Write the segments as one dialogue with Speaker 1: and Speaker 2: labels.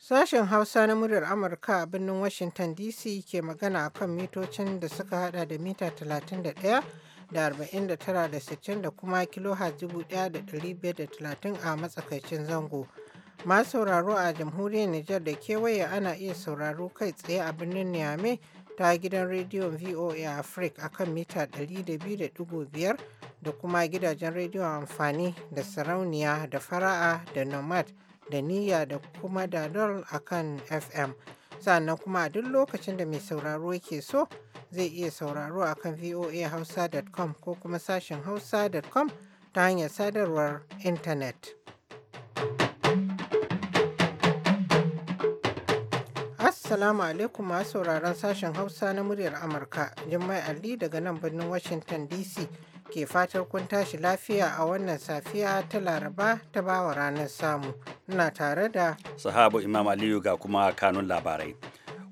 Speaker 1: Sashen Hausa na muryar Amurka a birnin Washington DC ke magana a kan mitocin da suka hada da mita 31 da 49 da 60 da kuma kilohertz 1530 a matsakaicin zango. Masu sauraro a jamhuriyar Nijar da kewaye ana iya sauraro kai tsaye a birnin Niamey ta gidan rediyon VOA Africa akan mita 200.5 da kuma gidajen rediyon amfani da sarauniya da fara'a da nomad da niyya da kuma dadol akan FM. Sannan kuma a duk lokacin da mai sauraro ke so zai iya sauraro akan voa voahausa.com ko kuma sashen hausa.com ta hanyar sadarwar intanet. Assalamu alaikum masu sauraron sashen Hausa na muryar Amurka. Jummai Ali daga nan birnin Washington DC ke fatar kun tashi lafiya a wannan safiya ta Laraba ta bawa ranar samu. Ina tare da
Speaker 2: Sahabu Imam Aliyu ga kuma kanun labarai.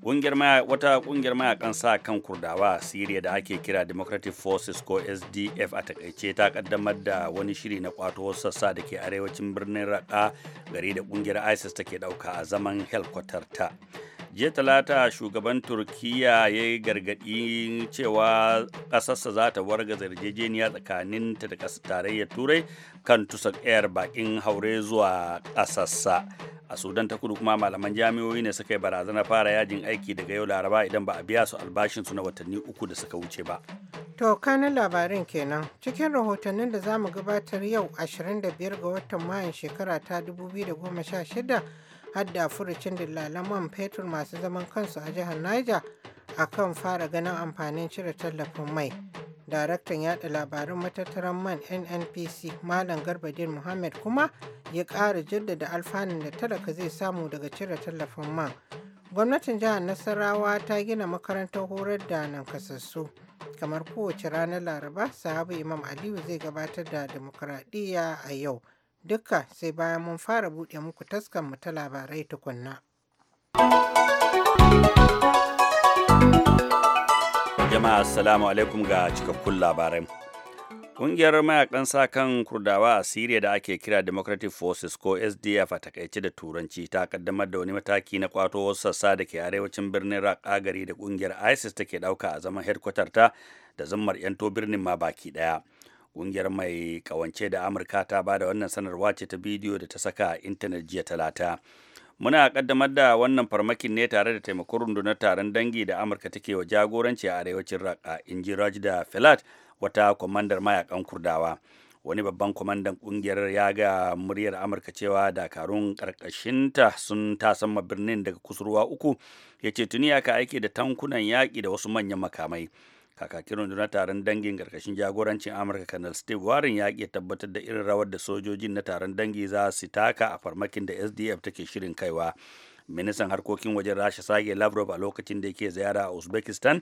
Speaker 2: wata kungiyar mayakan sa kan kurdawa a Siriya da ake kira Democratic Forces ko SDF a takaice ta kaddamar da wani shiri na kwato sassa da ke arewacin birnin Raqqa gari da kungiyar ISIS take dauka a zaman helkwatar ta. jiya talata shugaban turkiya ya yi gargaɗi cewa ƙasarsa za ta warga yarjejeniya tsakaninta da ƙasar tarayyar turai kan tusa air bakin haure zuwa ƙasarsa a sudan ta kudu kuma malaman jami'o'i ne suka yi barazana fara yajin aiki daga yau laraba idan ba a biya su albashinsu na watanni uku da suka wuce ba
Speaker 1: to kanin labarin kenan cikin rahotannin da za mu gabatar yau 25 ga watan mayan shekara ta 2016 har da furucin dillalan man fetur masu zaman kansu a jihar Niger a kan fara ganin amfanin cire tallafin mai. Daraktan yada labarin matattaran man NNPC Malam Garba Garbadin Muhammad kuma ya ƙara jaddada alfanun da talaka zai samu daga cire tallafin man. Gwamnatin jihar Nasarawa ta gina makarantar horar da nan kasassu. Kamar kowace ranar Laraba, sahabu Imam Aliyu zai gabatar da dimokuraɗiyya a yau. Dukka sai bayan mun fara buɗe muku taskan mu ta labarai tukunna.
Speaker 2: Jama'a Assalamu alaikum ga cikakkun labarai. Ƙungiyar mayakan sa kan Kurdawa a Siriya da ake kira Democratic Forces ko SDF a takaice da Turanci ta kaddamar da wani mataki na kwato wasu sassa da ke arewacin birnin gari da ƙungiyar ISIS take ɗauka a zaman hedkwatar ta da zammar 'yanto birnin ma baki ɗaya. Ƙungiyar mai kawance da Amurka ta bada wannan sanarwa ce ta bidiyo da ta saka a intanet jiya talata. Muna ƙaddamar da wannan farmakin ne tare da taimakon rundunar taron dangi da Amurka take wa jagoranci a arewacin Raqqa, in ji Rajda Filat, wata kwamandar mayakan Kurdawa. wani babban kwamandan kungiyar ya ga muryar amurka cewa dakarun karkashinta sun sama birnin daga kusurwa uku ya ce tuni aka aiki da tankunan yaƙi da wasu manyan makamai kakakin rundunar taron dangin karkashin jagorancin amurka kanal steve warren ya iya tabbatar da irin rawar da sojojin na taron dangi za su taka a farmakin da sdf take shirin kaiwa ministan harkokin wajen rasha sage lavrov a lokacin da yake ziyara a uzbekistan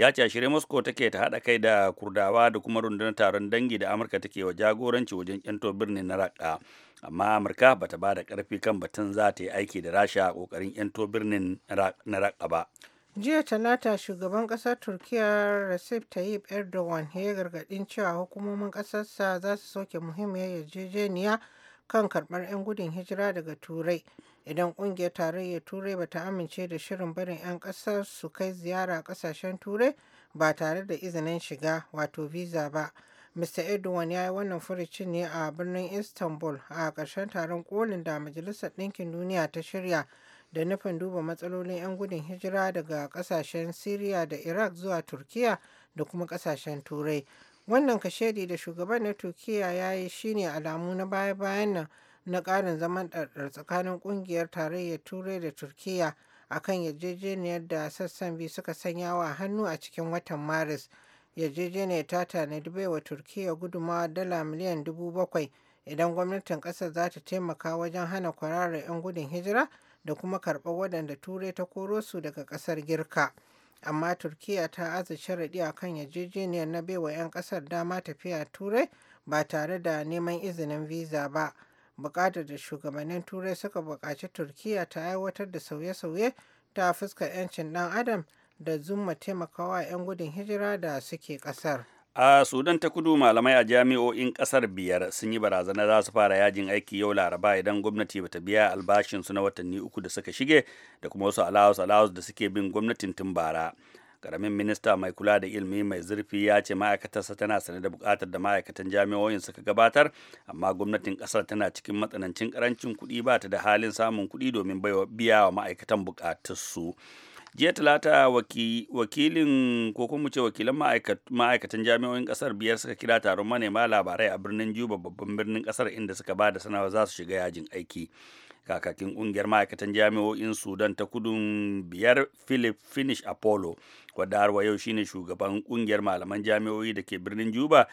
Speaker 2: ya ce a shirye moscow take ta haɗa kai da kurdawa da kuma rundunar taron dangi da amurka take wa jagoranci wajen yanto birnin na raqqa amma amurka bata ba da karfi kan batun za ta yi aiki da rasha a kokarin yanto birnin na raqqa ba
Speaker 1: jiya talata shugaban kasar turkiya recep tayyip erdogan ya gargadin cewa hukumomin kasarsa za su soke muhimmiyar yarjejeniya kan karbar 'yan gudun hijira daga turai idan kungiyar tarayyar turai bata amince da shirin barin 'yan kasar su kai ziyara kasashen turai ba tare da izinin shiga wato visa ba mr erdogan ya yi wannan furucin ne a birnin istanbul a ƙarshen taron kolin da majalisar ɗinkin duniya ta shirya da nufin duba matsalolin 'yan gudun hijira daga kasashen Siriya da Iraq zuwa turkiyya da kuma kasashen Turai. Wannan kashedi da shugaban na turkiyya ya yi shine alamu na baya-bayan nan na ƙarin zaman ɗarɗar tsakanin ƙungiyar tarayyar Turai da turkiyya a kan yarjejeniyar da sassan biyu suka sanya wa hannu a cikin watan Maris. Yarjejeniyar ta tanadi baiwa turkiyya gudumawa dala miliyan dubu bakwai idan gwamnatin ƙasar za ta taimaka wajen hana kwararar 'yan gudun hijira da kuma karɓar waɗanda turai ta koro su daga ƙasar girka amma turkiya ta aza sharaɗi a kan yarjejeniyar na baiwa 'yan ƙasar dama tafiya turai ba tare da neman izinin visa ba buƙatar da shugabannin turai suka buƙaci turkiya ta aiwatar da sauye-sauye ta fuska 'yancin ɗan adam da zuma taimakawa 'yan gudun hijira da suke ƙasar.
Speaker 2: a sudan ta kudu malamai a jami'o'in kasar biyar sun yi barazana za su fara yajin aiki yau laraba idan gwamnati bata biya albashinsu na watanni uku da suka shige da kuma wasu allowance allowance da suke bin gwamnatin tun bara karamin minista mai kula da ilimi mai zurfi ya ce ma'aikatarsa tana sane da bukatar da ma'aikatan jami'o'in suka gabatar amma gwamnatin kasar tana cikin matsanancin karancin kuɗi ba ta da halin samun kuɗi domin biya wa ma'aikatan bukatunsu. su jiya talata wakilin ko kuma ce wakilan ma'aikatan jami'o'in kasar biyar suka kira taron manema labarai a birnin juba babban birnin kasar inda suka ba da sanawa za su shiga yajin aiki kakakin kungiyar ma'aikatan jami'o'in sudan ta kudun biyar philip finish apollo wadda harwa yau shine shugaban kungiyar malaman jami'o'i da ke birnin juba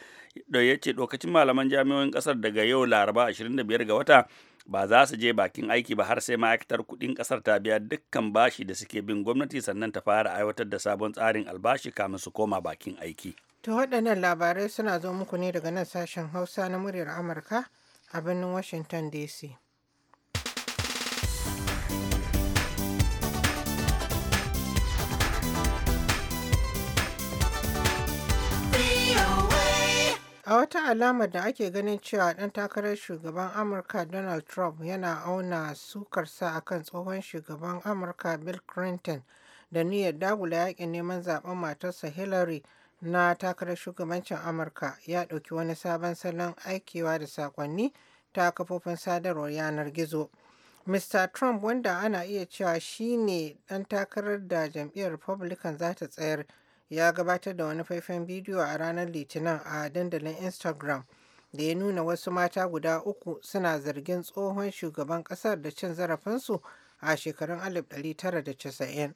Speaker 2: da ya ce dokacin malaman jami'o'in kasar daga yau laraba 25 ga wata ba za su je bakin aiki ba har sai ma'aikatar kuɗin ƙasar ta biya dukkan bashi da suke bin gwamnati sannan ta fara aiwatar da sabon tsarin albashi kamin su koma bakin aiki.
Speaker 1: To waɗannan labarai suna zo muku ne daga nan sashen Hausa na muryar Amurka a birnin Washington DC. A wata alamar da ake ganin cewa ɗan takarar shugaban Amurka Donald Trump yana auna sukarsa kan tsohon shugaban Amurka Bill Clinton da niyyar dagula yakin neman zaben matarsa Hillary na takarar shugabancin Amurka ya ɗauki wani sabon salon aikewa da sakonni ta kafofin sadarwar yanar gizo. Mr. Trump wanda ana iya cewa shi ne ɗan takarar da jam'iyyar Republican za ta tsayar ya gabatar da wani faifan bidiyo a ranar litinin a dandalin instagram da ya nuna wasu mata guda uku suna zargin tsohon shugaban kasar da cin zarafinsu a shekarun 1990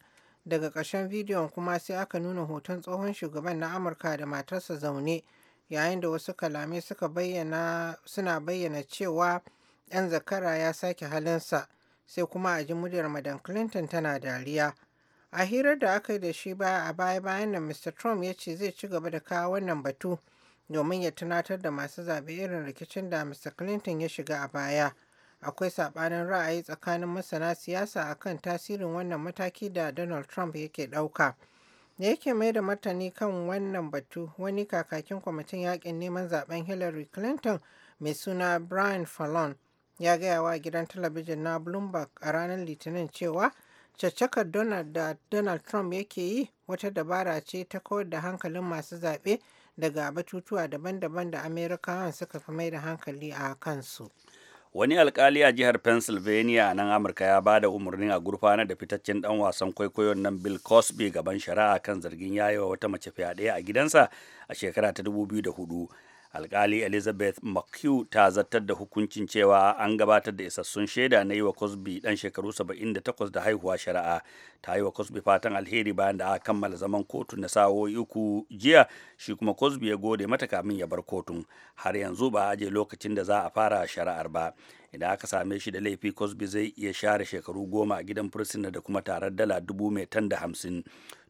Speaker 1: daga ƙarshen bidiyon kuma sai aka nuna hoton tsohon shugaban na amurka da matarsa zaune yayin da wasu kalamai suka bayyana suna bayyana cewa yan zakara ya sake halinsa sai kuma a ji muryar madan clinton tana dariya A hirar da aka yi da shi baya a baya-bayan nan Mr. Trump ya ce zai ci gaba da kawo wannan batu domin ya tunatar da masu zaɓe irin rikicin da Mr. Clinton ya shiga a baya. Akwai saɓanin ra'ayi tsakanin masana siyasa akan tasirin wannan mataki da Donald Trump yake ɗauka. Da yake mai da martani kan wannan batu, wani kakakin kwamitin yakin neman zaben Hillary Clinton mai suna Brian Fallon ya gaya wa gidan talabijin na Bloomberg a ranar Litinin cewa caccakar donald da donald trump yake yi wata dabara ce ta kawar da hankalin masu zaɓe daga batutuwa daban-daban da amerikawan suka fi mai da hankali a kansu
Speaker 2: wani alkali a jihar pennsylvania nan amurka ya ba da umarnin a gurfana da fitaccen dan wasan kwaikwayon nan bill cosby gaban shari'a kan zargin yayewa wata mace fyaɗe a gidansa a shekara ta 2004 alkali elizabeth mchugh ta zartar da hukuncin cewa an gabatar da isassun shaida na yi wa cosby dan shekaru 78 da haihuwa shari'a ta yi wa cosby fatan alheri bayan da a kammala zaman kotun na sa'o'i uku jiya shi kuma cosby ya gode mata kamin ya bar kotun har yanzu ba a je lokacin da za a fara shari'ar ba idan aka same shi da laifi cosby zai iya share shekaru goma a gidan fursuna da kuma tarar dala dubu mai tan da hamsin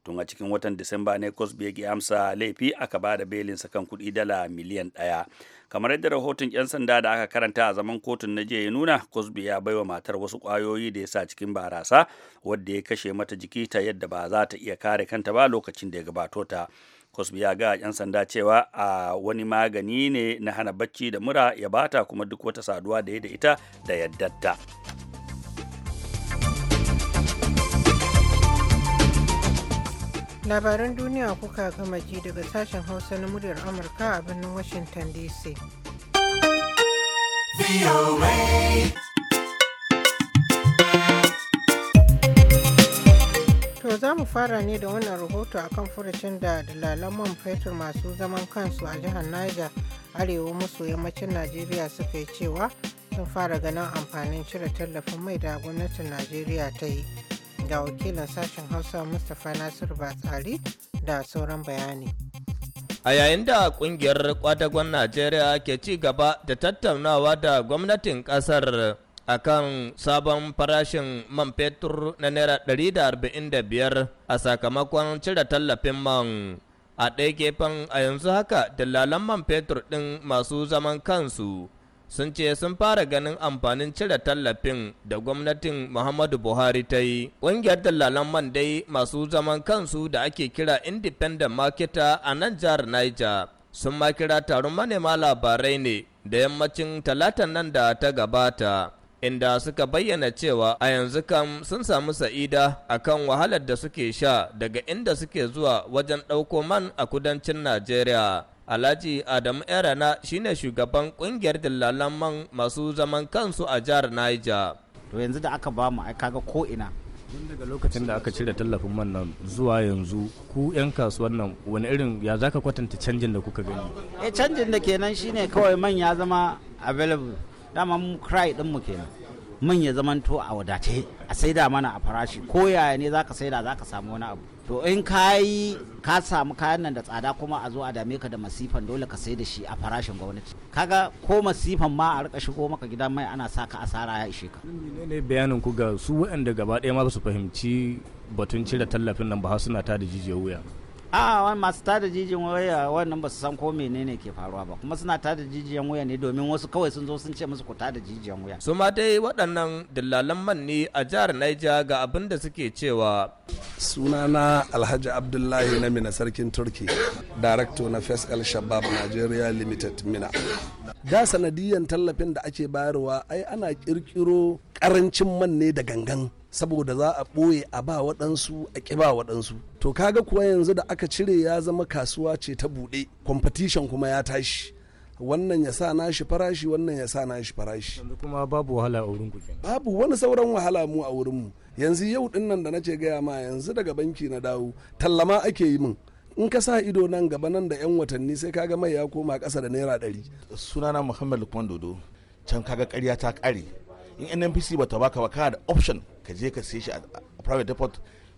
Speaker 2: tun a cikin watan disamba ne cosby ya amsa laifi aka ba da belinsa kan kuɗi dala miliyan ɗaya kamar yadda rahoton 'yan sanda da aka karanta a zaman kotun na jiya ya nuna cosby ya baiwa matar wasu kwayoyi da ya sa cikin barasa wadda ya kashe mata jiki ta yadda ba za ta iya kare kanta ba lokacin da ya gabato ta Cosby ya ga 'yan sanda cewa a wani magani ne na hana bacci da mura ya bata kuma duk wata saduwa da ya da ita da yaddatta.
Speaker 1: labaran duniya kuka gama ji daga sashen hausa na muryar amurka a birnin washington dc to za mu fara ne da wannan rahoto a kan furucin da dalalan man fetur masu zaman kansu a jihar niger arewa maso yammacin najeriya suka yi cewa sun fara ganin amfanin cire tallafin mai da gwamnatin najeriya ta yi ga wakilin sashen hausa mustapha nasir batsari da sauran bayani
Speaker 3: a yayin da kungiyar kwadagon najeriya ke ci gaba da tattaunawa da gwamnatin kasar akan sabon farashin man fetur na naira 145 a sakamakon cire tallafin man a ɗaya gefen a yanzu haka dalalan man fetur ɗin masu zaman kansu sun ce sun fara ganin amfanin cire tallafin da gwamnatin Muhammadu Buhari ta yi. Ƙungiyar dalalan man dai masu zaman kansu da ake kira Independent Marketer a nan jihar Niger sun ma kira taron manema labarai ne da yammacin talatan nan da ta gabata. Inda suka bayyana cewa a yanzu kam sun samu sa'ida a kan wahalar da suke sha daga inda suke zuwa wajen ɗauko man a kudancin Najeriya. Alhaji Adam Erana shine shugaban kungiyar dillalan masu zaman kansu a jihar Niger.
Speaker 4: To yanzu da aka ba mu ai kaga ko ina. Tun daga lokacin
Speaker 3: da aka cire tallafin man nan zuwa yanzu ku 'yan kasuwan nan wani irin ya zaka kwatanta canjin da kuka gani?
Speaker 4: Eh canjin da kenan shine kawai man ya zama available. Dama mu cry din mu kenan. Man ya zamanto a wadace a saida mana a farashi ko yaya ne zaka saida zaka samu wani abu. to in ka yi ka samu kayan nan da tsada kuma a zo a dame ka da masifan dole ka sai da shi a farashin gwamnati kaga ko masifan ma a rika shigo maka gidan mai ana sa ka asara ya ishe ka
Speaker 3: ne bayanin ku ga su waɗanda gaba ɗaya ma su fahimci batun cire tallafin nan ba suna ta da jijiyar wuya
Speaker 4: a wani masu tada jijiyan waya wannan ba su san ko menene ke faruwa ba kuma suna tada jijiyan waya ne domin wasu kawai sun zo sun ce musu ku tada jijiyan waya su ma dai
Speaker 3: waɗannan dillalan man ne a jihar Niger ga abin da suke cewa sunana
Speaker 5: Alhaji Abdullahi na Mina sarkin Turki director na First El Shabab Nigeria Limited Mina da sanadiyan tallafin da ake bayarwa ai ana kirkiro karancin man ne da gangan saboda za a ɓoye a ba waɗansu a ƙi ba waɗansu to kaga kuwa yanzu da aka cire ya zama kasuwa ce ta buɗe competition kuma ya tashi wannan ya sa nashi farashi wannan ya sa nashi farashi kuma babu wahala a wurin kuke babu wani sauran wahala mu a wurin mu yanzu yau din nan da nace gaya ma yanzu daga banki na dawo tallama ake yi min in ka sa ido nan gaba nan da yan watanni sai kaga mai ya koma kasa da naira ɗari sunana muhammad lukman dodo can kaga ƙarya ta ƙare in nnpc ba ta baka ba kana da option ka je ka sai shi a private depot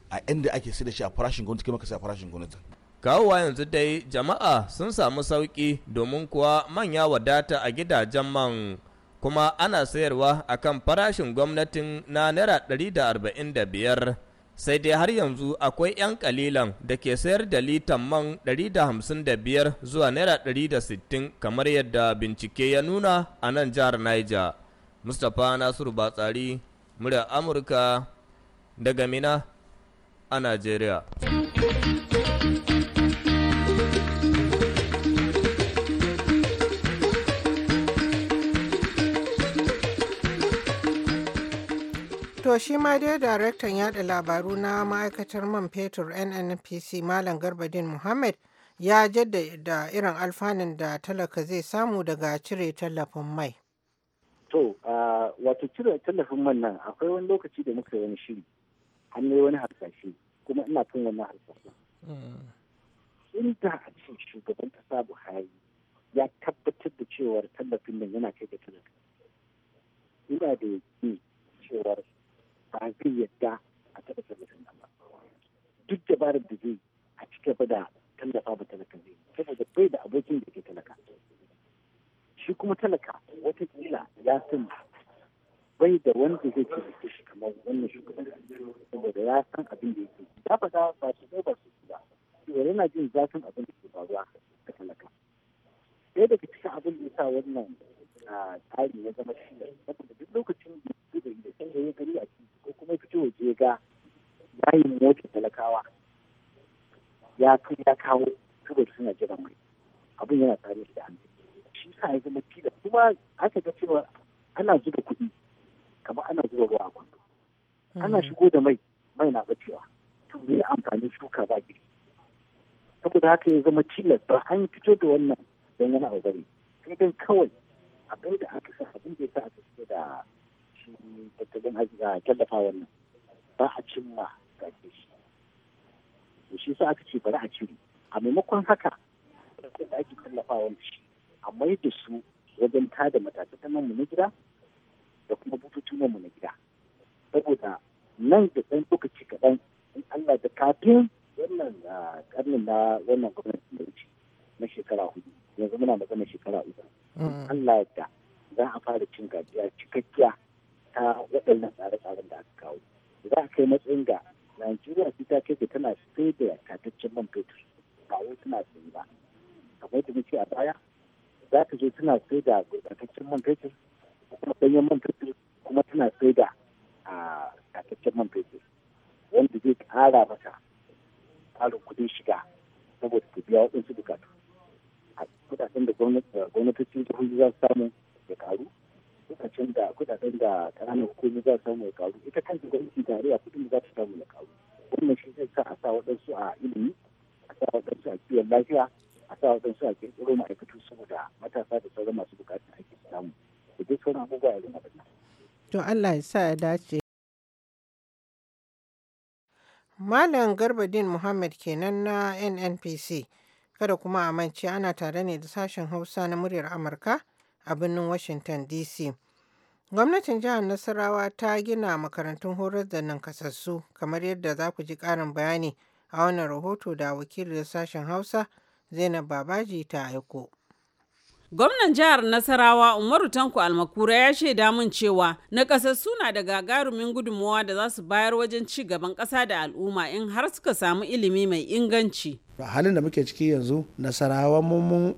Speaker 5: a inda ake sai da shi a
Speaker 3: farashin gwamnati kuma maka sai a farashin gwamnati kawowa yanzu dai jama'a sun samu sauki domin kuwa manya wadata a gidajen man kuma ana sayarwa a kan farashin gwamnatin na naira 145 sai dai har yanzu akwai 'yan kalilan da ke sayar da litan man 155 zuwa naira 160 kamar yadda bincike ya nuna a nan jihar niger mustapha nasiru batsari murya amurka daga mina a najeriya
Speaker 1: To shi ma dai daraktan yada labaru na ma'aikatar man fetur NNPC Malam Garbadin Muhammad ya jaddada irin alfanun da talaka zai samu daga cire tallafin mai.
Speaker 6: To, wato cire tallafin man nan akwai wani lokaci da muka yi wani shiri, an yi wani harsashe, kuma ina kan wani harsashe. Inda a ce shugaban kasa Buhari ya tabbatar da cewar tallafin nan yana kai da talaka. Ina da yake cewar ba zai yadda a taɓa tallafin nan ba. Duk da barin da zai দেখি tallafa wannan ba a cimma gaje shi to shi sa aka ce bari a cire a maimakon haka da ake tallafa wannan shi a mai da su wajen tada matatan mu na gida da kuma bututun mu na gida saboda nan da ɗan lokaci kaɗan in Allah da kafin wannan karnin ah, na wannan gwamnati da wuce na shekara hudu yanzu muna magana shekara uku mm. Allah da za a fara cin gajiya cikakkiya ta waɗannan tsare-tsaren da aka kawo za a kai matsayin ga najeriya su ta kai tana sai da yakataccen man fetur ba wai tana sai ba kamar da muke a baya za ta je tana sai da gurbataccen man fetur kuma ɗanyen man fetur kuma tana sai da yakataccen man fetur wanda zai ƙara mata ƙarin kuɗin shiga saboda ta biya waɗansu bukatu a kuɗaɗen da gwamnatocin jihohi za su samu ya karu lokacin da kudaden da kananan hukumi za su samu ya karu ita kanta gwamnati tarayya kudin za ta samu ya karu wannan shi zai sa a sa waɗansu a ilimi a sa waɗansu a kiwon lafiya a sa waɗansu a ƙirƙiro ma'aikatu saboda matasa da sauran masu buƙatar ake samu da duk sauran abubuwa ya zama da
Speaker 1: to Allah ya sa ya dace. Malam garba Garbadin Muhammad kenan na NNPC. Kada kuma a mance ana tare ne da sashen Hausa na muryar Amurka a birnin Washington DC. Gwamnatin jihar Nasarawa ta gina makarantun horar da nan nakasassu kamar yadda za ku ji ƙarin bayani a wannan rahoto da wakilin sashen Hausa Zainab Babaji ta aiko.
Speaker 4: Gwamnan jihar Nasarawa Umaru Tanko Almakura ya shaida mun cewa nakasassu suna da gagarumin gudunmawa da za su bayar wajen ci gaban ƙasa da al'umma in har suka samu ilimi mai inganci.
Speaker 5: halin da muke ciki yanzu nasarawa mun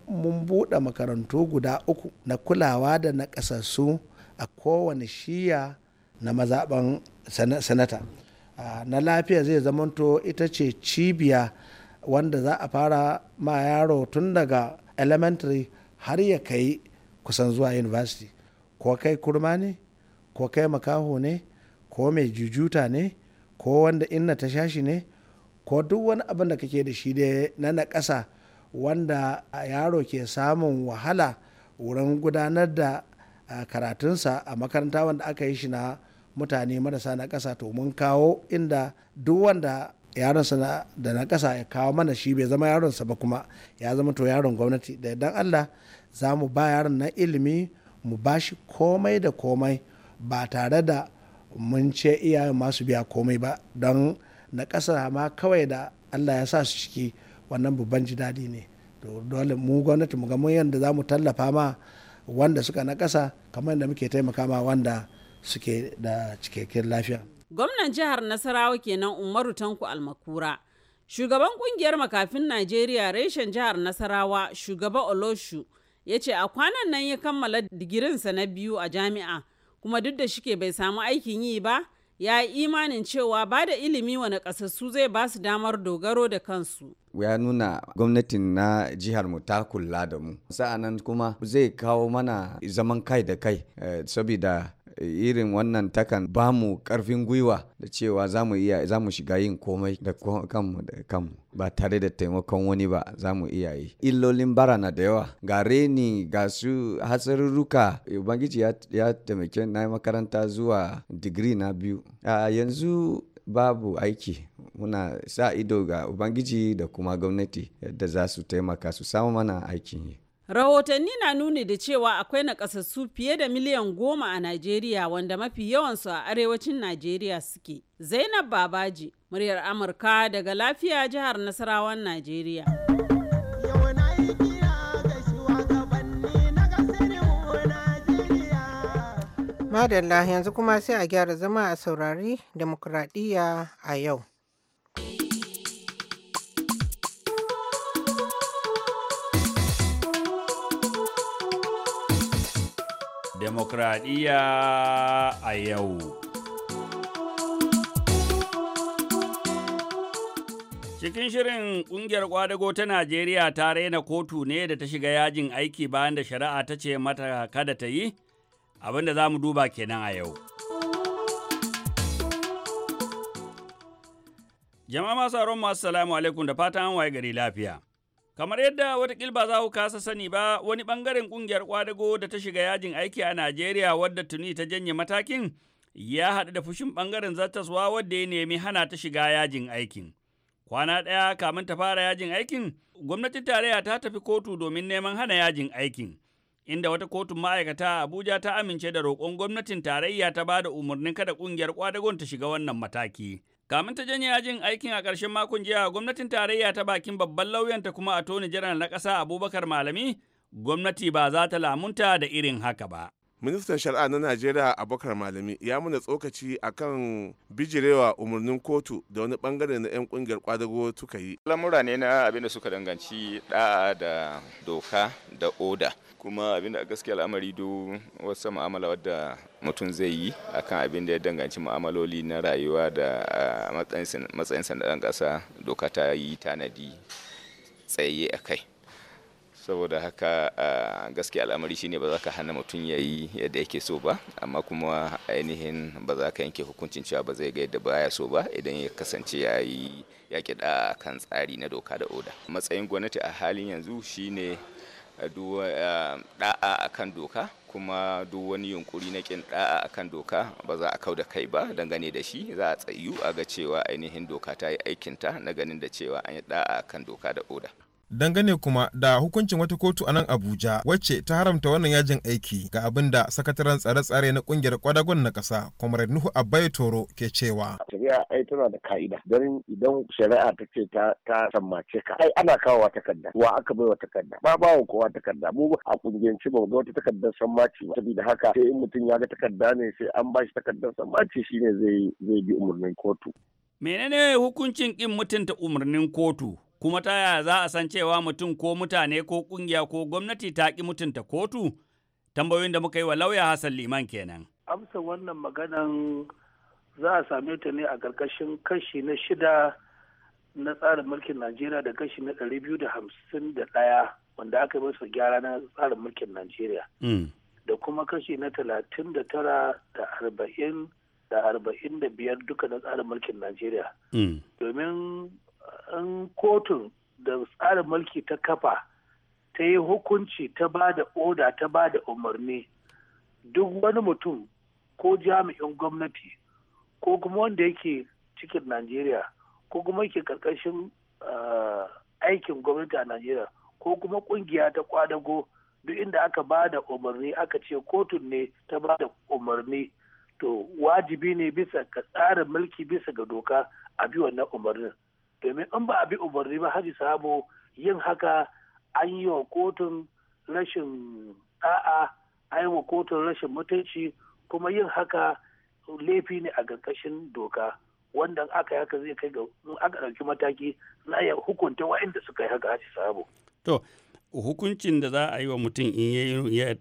Speaker 5: buɗe makarantu guda uku na kulawa da nakasassu a kowane shiya na mazaɓan sanata na lafiya zai zamanto ita ce cibiya wanda za a fara ma yaro tun daga elementary har ya kai kusan zuwa university ko kai kurma ne ko kai makaho ne ko mai jujuta ne ko wanda inna ta shashi ne ko duk wani abin da kake da shi na na naƙasa wanda yaro ke samun wahala wurin gudanar da karatunsa a makaranta wanda aka yi shi na mutane marasa na ƙasa to mun kawo inda duk wanda yaronsa da na kasa ya kawo mana shi bai zama yaronsa ba kuma ya zama to yaron gwamnati da idan allah za mu ba yaron na ilimi mu ba shi komai da komai ba tare da mun ce iyayen masu biya komai ba don na ƙasa ma kawai da allah ya sa su ciki wannan babban ji daɗi ne dole mu gwamnati mu ga mun yadda za mu tallafa ma wanda suka na kasa kamar da muke taimaka ma wanda suke da cikakken lafiya
Speaker 4: Gwamnan jihar Nasarawa kenan Umaru Tanko Almakura. Shugaban kungiyar makafin Najeriya reshen jihar Nasarawa shugaba Oloshu ya ce a kwanan nan ya kammala digirinsa na biyu a jami'a kuma duk da shike bai samu aikin yi ba ya yi imanin cewa ba da ilimi wani kasassu zai ba su damar dogaro da kansu.
Speaker 7: ya nuna gwamnatin na jihar mu ta kula da mu sa'anan kuma zai kawo mana zaman kai da kai eh, saboda eh, irin wannan takan ba mu karfin gwiwa da cewa za mu iya za mu shiga yin komai da kanmu da kanmu ba tare da taimakon wani ba za mu iya yi illolin bara na da yawa ga reni ga su hatsarurruka ubangiji ya taimake na makaranta zuwa digiri na biyu a yanzu babu aiki muna sa ido ga ubangiji da kuma gwamnati da za su taimaka su samu mana aikin yi
Speaker 4: rahotanni na nuni da cewa akwai nakasassu fiye da miliyan goma a najeriya wanda mafi yawansu a arewacin najeriya suke zainab babaji muryar amurka daga lafiya jihar nasarawan najeriya
Speaker 1: madalla yanzu kuma sai a gyara zama a saurari demokradiyya a yau
Speaker 2: demokradiyya a yau. Cikin shirin ƙungiyar ƙwadago ta Najeriya ta raina kotu ne da ta shiga yajin aiki bayan da shari'a ta ce mata kada ta yi, abinda za mu duba kenan a yau. Jama'a masu aron masu salamu alaikum da fatan an waye gari lafiya. Kamar yadda watakil ba za ku kasa sani ba, wani ɓangaren ƙungiyar kwadago da ta shiga yajin aiki a Najeriya wadda tuni ta janye matakin ya haɗu da fushin ɓangaren zartaswa wadda ya nemi hana ta shiga yajin aikin. Kwana ɗaya kamin ta fara yajin aikin, gwamnatin tarayya ta tafi kotu domin neman hana yajin aikin. Inda wata kotun ma'aikata Abuja ta amince da roƙon gwamnatin tarayya ta bada da umarnin kada ƙungiyar kwadagon ta shiga wannan mataki. Kamin ta janye yajin aikin a ƙarshen makon jiya, gwamnatin tarayya ta bakin babban lauyanta kuma a toni jiran na ƙasa Abubakar Malami, gwamnati ba za ta lamunta da irin haka ba.
Speaker 5: ministan shari'a na najeriya abokar malami ya muna tsokaci akan bijirewa umarnin kotu da wani bangare na 'yan kungiyar kwadago
Speaker 7: suka yi lamura ne na abin suka danganci da'a da doka da oda kuma abin da gaskiya al'amari do wasu ma'amala wadda mutum zai yi akan abin da ya danganci ma'amaloli na rayuwa da matsayin sanadan kasa doka ta yi tanadi tsaye a kai saboda haka gaskiya al'amari shine ba za ka hana mutum ya yi yadda yake so ba amma kuma ainihin ba za ka yanke hukuncin cewa ba zai ga yadda baya so ba idan ya kasance ya yi ya kiɗa kan tsari na doka da oda matsayin gwamnati a halin yanzu shine da'a kan doka kuma duk wani yunkuri na kin da'a akan doka ba za a kau da kai ba dangane da shi za a tsayu a ga cewa ainihin doka ta yi aikinta na ganin da cewa an yi da'a akan doka da oda dangane kuma da hukuncin wata kotu a nan Abuja wacce ta haramta wannan yajin aiki ga abin da sakataren tsare-tsare na kungiyar kwadagon na kasa Comrade Nuhu abai Toro ke cewa.
Speaker 8: Shari'a ai tana da ka'ida don idan shari'a ta ce ta ta sammace ka ai
Speaker 6: ana kawo takarda
Speaker 8: wa aka bai wa takarda ba wa kowa takarda mu a kungiyance ba ga wata takardar sammaci ba saboda haka sai in mutum ya ga takarda ne sai an bashi takardar sammace shine zai zai bi umarnin kotu.
Speaker 2: Menene hukuncin kin mutunta umarnin kotu? kuma ta yaya za a san cewa mutum ko mutane ko ƙungiya ko gwamnati ta ki mutunta kotu? Tambayoyin da muka yi wa lauya Hassan Liman kenan.
Speaker 8: Amsa wannan maganan za a same ta ne a ƙarƙashin kashi na shida na tsarin mulkin Najeriya da kashi na ɗari biyu da hamsin da ɗaya wanda aka yi masa gyara na tsarin mulkin Najeriya. Mm. Da kuma kashi na talatin da tara da arba'in da arba'in da biyar duka na tsarin mulkin Najeriya. Mm. Domin in kotun da tsarin mulki ta kafa ta yi hukunci ta ba da oda ta ba da umarni duk wani mutum ko jami'in gwamnati ko kuma wanda yake cikin najeriya ko kuma yake karkashin ah, aikin gwamnati a najeriya ko kuma kungiya ta kwadago duk inda aka ba da umarni aka ce kotun ne ta ba da umarni to wajibi ne bisa ka tsarin mulki bisa ga doka a bi wannan umarnin domin in ba a bi umarni ba haji sabo yin haka an yi wa kotun rashin da'a an yi wa kotun rashin mutunci kuma yin haka laifi ne a ƙarƙashin doka wanda aka yi haka zai kai ga aka ɗauki mataki na ya hukunta wa'inda suka yi haka haji sabo.
Speaker 2: To, hukuncin da za a yi wa mutum in ya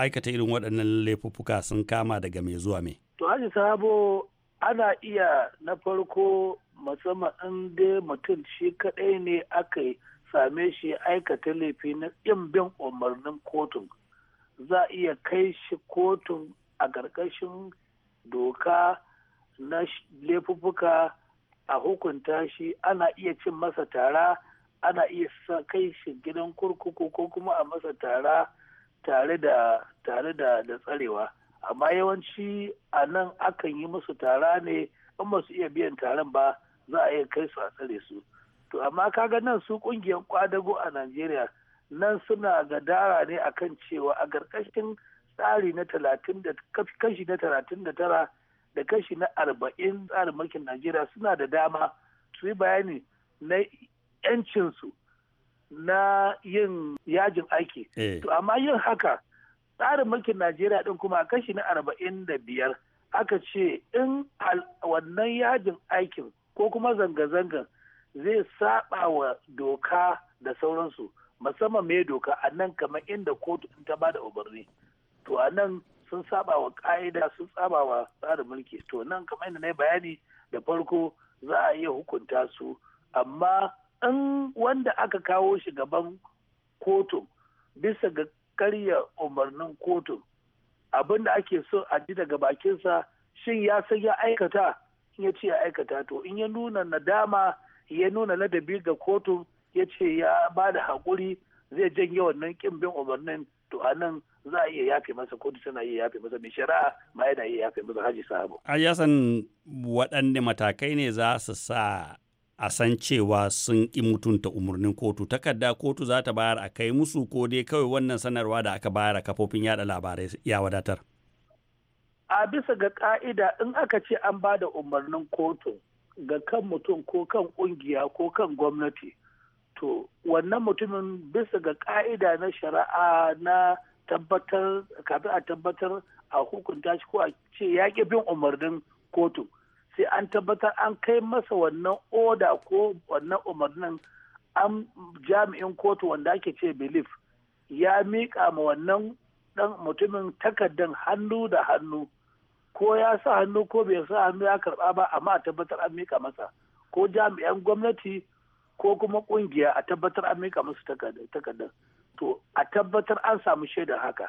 Speaker 2: aikata irin waɗannan laifuffuka sun kama daga mai zuwa mai.
Speaker 8: To, haji sabo ana iya na farko musamman in dai mutum shi kadai ne aka same shi aikata laifi na bin umarnin kotun za a iya kai shi kotun a ƙarƙashin doka na laifuffuka a hukunta shi ana iya cin masa tara ana iya kai shi gidan kurkuku ko kuma a masa tara tare da tsarewa. amma yawanci a nan akan yi musu tara ne in ba su iya biyan taron ba za a iya kai su a tsare su to amma kaga nan su kungiyar kwadago a najeriya nan suna gadara ne a kan cewa a ƙarƙashin tsari na talatin da kashi na talatin da tara da kashi na arba'in tsarin mulkin najeriya suna da dama su yi bayani na yancinsu na yin yajin aiki eh. to amma yin haka tsarin mulkin najeriya din kuma a kashi na arba'in da biyar aka ce in wannan yajin aikin ko kuma zanga-zangan zai saba wa doka da sauransu musamman mai doka a nan kamar inda kotu in ta bada umarni to a nan sun saba wa ka'ida sun saba wa tsarin mulki to nan kamar inda na bayani da farko za a iya hukunta su amma in wanda aka kawo shi gaban kotu bisa ga karya umarnin kotu abinda ake so a ji daga bakinsa shin ya san ya aikata in ya ce ya aikata to in ya nuna nadama ya nuna ladabi ga kotun ya ce ya ba da haƙuri zai janye wannan kin bin umarnin to a nan za a iya yafe masa kotu tana iya yafe masa mai shari'a ma yana iya yafe masa haji sabo.
Speaker 2: a yasan waɗanne matakai ne za su sa a san cewa sun ƙi mutunta umarnin kotu takarda kotu za ta bayar a kai musu ko dai kawai wannan sanarwa da aka bayar a kafofin yada labarai ya wadatar
Speaker 8: a bisa ga ka'ida in aka ce an ba da umarnin kotu ga kan mutum ko kan ƙungiya ko kan gwamnati to wannan mutumin bisa ga ka'ida na shari'a na tabbatar kafin a tabbatar a hukunta shi ko a ce ya bin umarnin kotu sai an tabbatar an kai masa wannan oda ko wannan umarnin an jami'in kotu wanda ake ce belief ya miƙa ma wannan dan mutumin takardan hannu da hannu ko ya sa hannu ko bai sa hannu ya karba ba amma a tabbatar an miƙa masa ko jami'an gwamnati ko kuma kungiya a tabbatar an miƙa musu takardar to a tabbatar an samu shaidar haka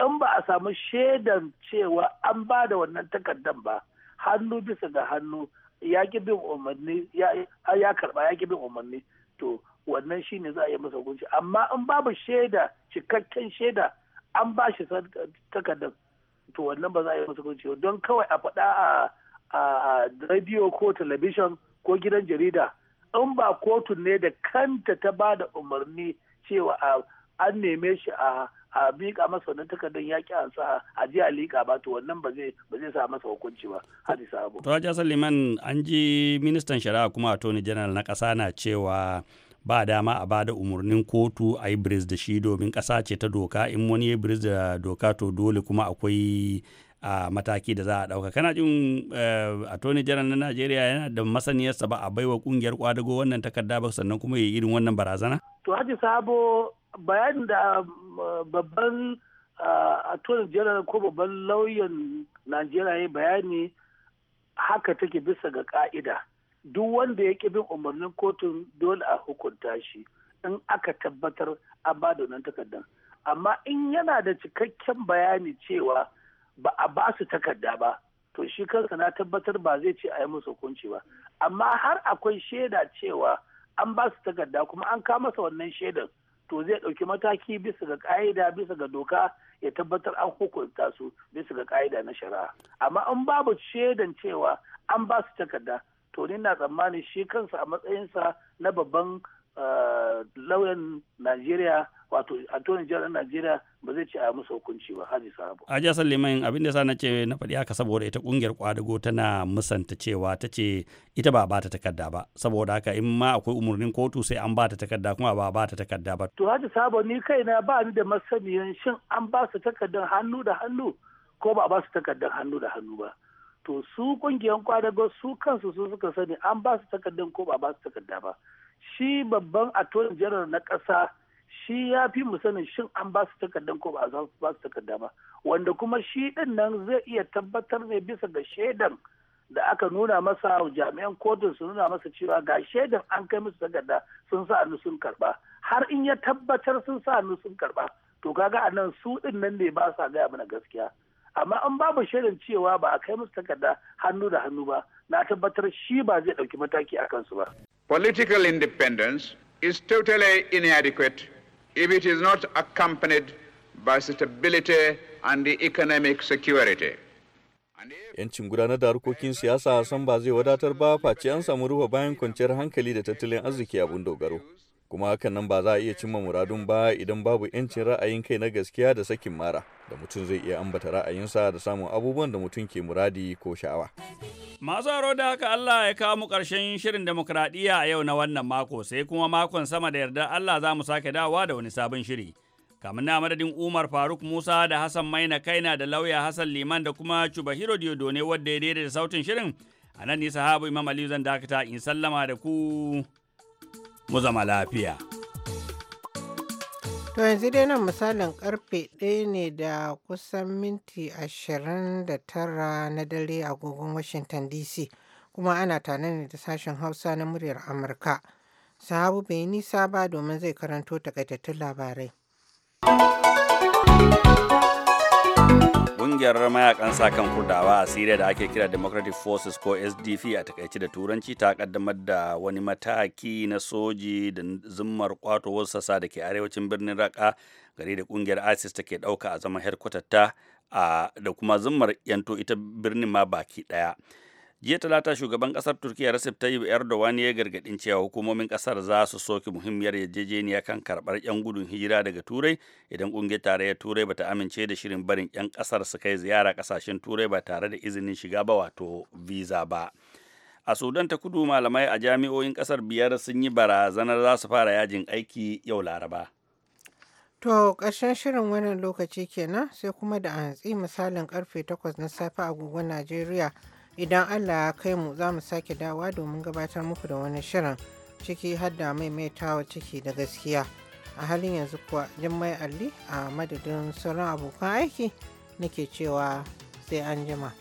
Speaker 8: in ba a samu shaidar cewa an ba da wannan takardar ba hannu bisa ga hannu ya ki bin umarni ya karba ya ki bin umarni to wannan shine za a yi masa hukunci amma in babu shaida cikakken shaida an ba shi takardar to wannan ba za a yi masa hukunci don kawai a faɗa a radio ko television ko gidan jarida in ba kotun ne da kanta ta ba da umarni cewa an neme shi a a miƙa masa wannan takardar ya ƙi ansa a ji a liƙa ba to wannan ba zai ba zai sa masa hukunci ba hadi sabo to Hajiya
Speaker 2: Suleiman an ji ministan shari'a kuma attorney general na ƙasa na cewa ba dama a bada umarnin kotu a yi bris da shi domin ƙasa ce ta doka in wani ya bris da doka to dole kuma akwai a mataki da za a ɗauka kana jin eh, attorney general na najeriya yana da masaniyarsa ba a baiwa kungiyar kwadago wannan takarda ba sannan kuma ya irin wannan barazana
Speaker 8: to haji sabo bayanin da uh, babban uh, attorney general ko babban lauyan najeriya ya bayani haka take bisa ga ka'ida duk wanda ya ƙi bin umarnin kotun dole a hukunta shi in aka tabbatar a ba da wannan takardar amma in yana da cikakken bayani cewa ba a ba su takarda ba to shi kansa na tabbatar ba zai ce a yi musu hukunci ba amma har akwai shaida cewa an ba su takarda kuma an kama sa wannan shaidar to zai ɗauki mataki bisa ga ƙa'ida bisa ga doka ya tabbatar an hukunta su bisa ga ƙa'ida na shari'a amma an babu shaidan cewa an ba su takarda to ni na tsammanin shi kansa a matsayinsa na babban Eh, lauyan Najeriya wato attorney general Najeriya ba zai ce a musu hukunci ba Haji Sabo.
Speaker 2: Haji Hassan Liman abin da sa na ce na faɗi haka saboda ita kungiyar kwadago tana musanta cewa ta ce ita ba ba ta takarda ba saboda haka in ma akwai umarnin kotu sai an ba ta takarda kuma ba ba ta takarda ba.
Speaker 8: To Haji Sabo ni kaina ba ni da masaniyan shin an ba su takardar hannu da hannu ko ba ba su takardar hannu da hannu ba. To su kungiyar kwadago su kansu su suka sani an ba su takardar ko ba ba su takarda ba. shi babban attorney general na ƙasa shi ya fi mu sanin shin an ba su takardan ko ba a ba su takarda ba wanda kuma shi din nan zai iya tabbatar ne bisa ga shaidan da aka nuna masa jami'an kotun su nuna masa cewa ga shaidan an kai musu takarda sun sa hannu sun karba har in ya tabbatar sun sa hannu sun karba to kaga a nan su din nan ne ba sa gaya mana gaskiya amma an babu shaidan cewa ba a kai musu takarda hannu da hannu ba na tabbatar shi ba zai ɗauki mataki a kansu
Speaker 7: ba. Political independence is totally inadequate if it is not accompanied by stability and the economic security.
Speaker 2: Yancin gudanar da harkokin siyasa san ba zai wadatar ba face an samu ruwa bayan kwanciyar hankali da tattalin arziki abun dogaro. kuma hakan nan ba za a iya cimma muradun ba idan babu yancin ra'ayin kai na gaskiya da sakin mara da mutum zai iya ambata ra'ayinsa da samun abubuwan da mutum ke muradi ko sha'awa. Masu haro da haka Allah ya kawo mu ƙarshen shirin demokradiyya a yau na wannan mako sai kuma makon sama da yarda Allah za mu sake dawowa da wani sabon shiri. Kamin na madadin Umar Faruk Musa da Hassan Maina Kaina da lauya Hassan Liman da kuma cuba hero Diodo ne wadda ya daidaita sautin shirin. A nan ni sahabu Imam Aliyu zan dakata in sallama da ku. mu zama lafiya.
Speaker 1: To yanzu dai nan misalin karfe ɗaya ne da kusan minti ashirin da tara na dare a gogon Washington DC kuma ana tare ne da sashen Hausa na muryar Amurka. Sahabu bai yi nisa ba domin zai karanto takaitattun labarai.
Speaker 2: kungiyar mayakan sakan kurdawa a Siriya da ake kira Democratic Forces ko SDP a takaice da turanci ta kaddamar da wani mataki na soji da zummar kwato wasu sassa da ke arewacin birnin raka gari da kungiyar ISIS take dauka a zaman headquarter ta da kuma zummar yanto ita birnin ma baki daya. jiya talata shugaban kasar turkiya recep tayyip erdogan ya gargadin cewa hukumomin kasar za su soke muhimmiyar yarjejeniya kan karbar yan gudun hijira daga turai idan kungiyar tarayyar turai bata amince da shirin barin yan kasar su kai ziyara kasashen turai ba tare da izinin shiga ba wato visa ba a sudan ta kudu malamai a jami'o'in kasar biyar sun yi barazanar za su fara yajin aiki yau laraba
Speaker 1: To ƙarshen shirin wannan lokaci kenan sai kuma da hantsi misalin karfe 8 na safe a agogon Najeriya Idan Allah ya kai mu za mu sake dawa domin gabatar muku da wani shirin ciki har da maimaitawa ciki da gaskiya. A halin yanzu kuwa Jummai alli a madadin sauran abokan aiki nake cewa sai an jima.